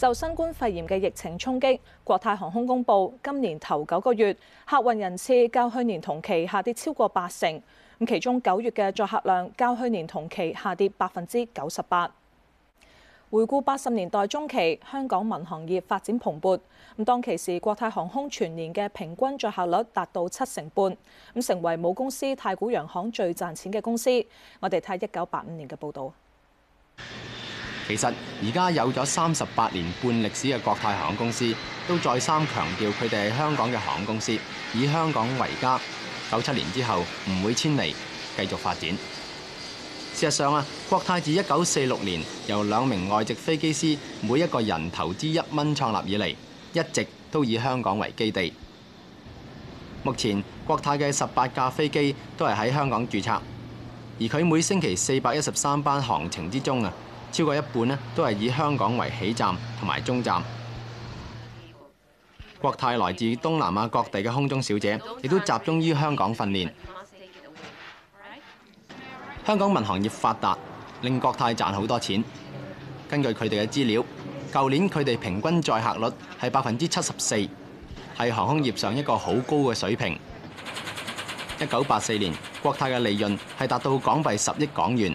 受新冠肺炎嘅疫情衝擊，國泰航空公佈今年頭九個月客運人次較去年同期下跌超過八成，咁其中九月嘅載客量較去年同期下跌百分之九十八。回顧八十年代中期，香港民航業發展蓬勃，咁當其時國泰航空全年嘅平均載客率達到七成半，咁成為母公司太古洋行最賺錢嘅公司。我哋睇一九八五年嘅報道。其實，而家有咗三十八年半歷史嘅國泰航空公司，都再三強調佢哋係香港嘅航空公司，以香港為家。九七年之後唔會遷離，繼續發展。事實上啊，國泰自一九四六年由兩名外籍飛機師每一個人投資一蚊創立以嚟，一直都以香港為基地。目前國泰嘅十八架飛機都係喺香港註冊，而佢每星期四百一十三班航程之中啊。超過一半呢，都係以香港為起站同埋終站。國泰來自東南亞各地嘅空中小姐，亦都集中於香港訓練。香港民航業發達，令國泰賺好多錢。根據佢哋嘅資料，舊年佢哋平均載客率係百分之七十四，係航空業上一個好高嘅水平。一九八四年，國泰嘅利潤係達到港幣十億港元，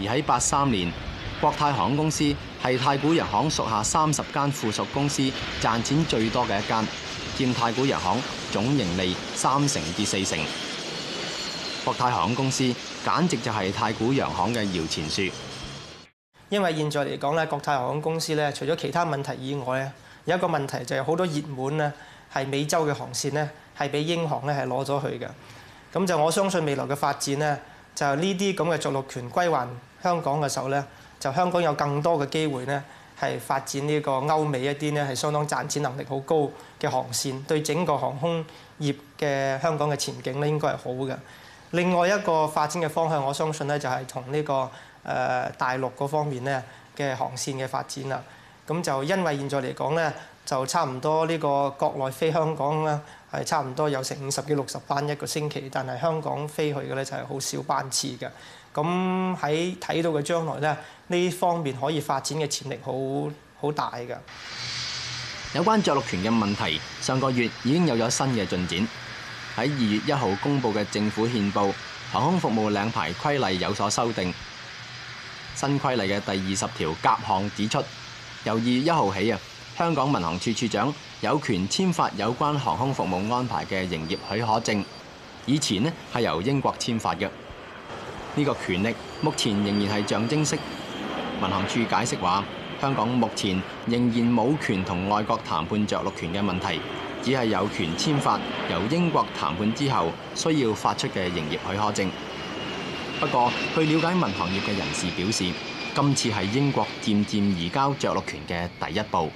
而喺八三年。國泰航空公司係太古洋行屬下三十間附屬公司賺錢最多嘅一間，佔太古洋行總盈利三成至四成。國泰航空公司簡直就係太古洋行嘅搖錢樹，因為現在嚟講咧，國泰航空公司咧，除咗其他問題以外咧，有一個問題就係好多熱門咧係美洲嘅航線呢係俾英航咧係攞咗去嘅。咁就我相信未來嘅發展呢就呢啲咁嘅著陸權歸還香港嘅時候咧。就香港有更多嘅機會，呢係發展呢個歐美一啲，呢係相當賺錢能力好高嘅航線，對整個航空業嘅香港嘅前景呢，應該係好嘅。另外一個發展嘅方向，我相信呢就係同呢個誒、呃、大陸嗰方面呢嘅航線嘅發展啦。咁就因為現在嚟講呢，就差唔多呢個國內飛香港呢係差唔多有成五十幾六十班一個星期，但係香港飛去嘅呢，就係好少班次嘅。咁喺睇到嘅將來咧，呢方面可以發展嘅潛力好好大噶有關着陸權嘅問題，上個月已經有咗新嘅進展。喺二月一號公布嘅政府憲報，航空服務領牌規例有所修訂，新規例嘅第二十條甲項指出，由二月一號起啊，香港民航處處長有權簽發有關航空服務安排嘅營業許，許可證，以前咧，係由英國簽發嘅。呢個權力目前仍然係象徵式。民航處解釋話，香港目前仍然冇權同外國談判着陸權嘅問題，只係有權簽發由英國談判之後需要發出嘅營業許可證。不過，去了解民航業嘅人士表示，今次係英國漸漸移交着陸權嘅第一步。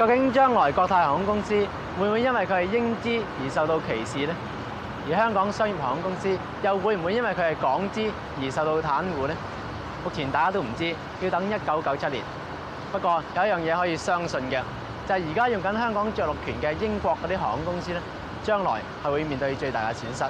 究竟將來國泰航空公司會唔會因為佢係英資而受到歧視呢？而香港商業航空公司又會唔會因為佢係港資而受到袒護呢？目前大家都唔知，要等一九九七年。不過有一樣嘢可以相信嘅，就係而家用緊香港着陸權嘅英國嗰啲航空公司咧，將來係會面對最大嘅損失。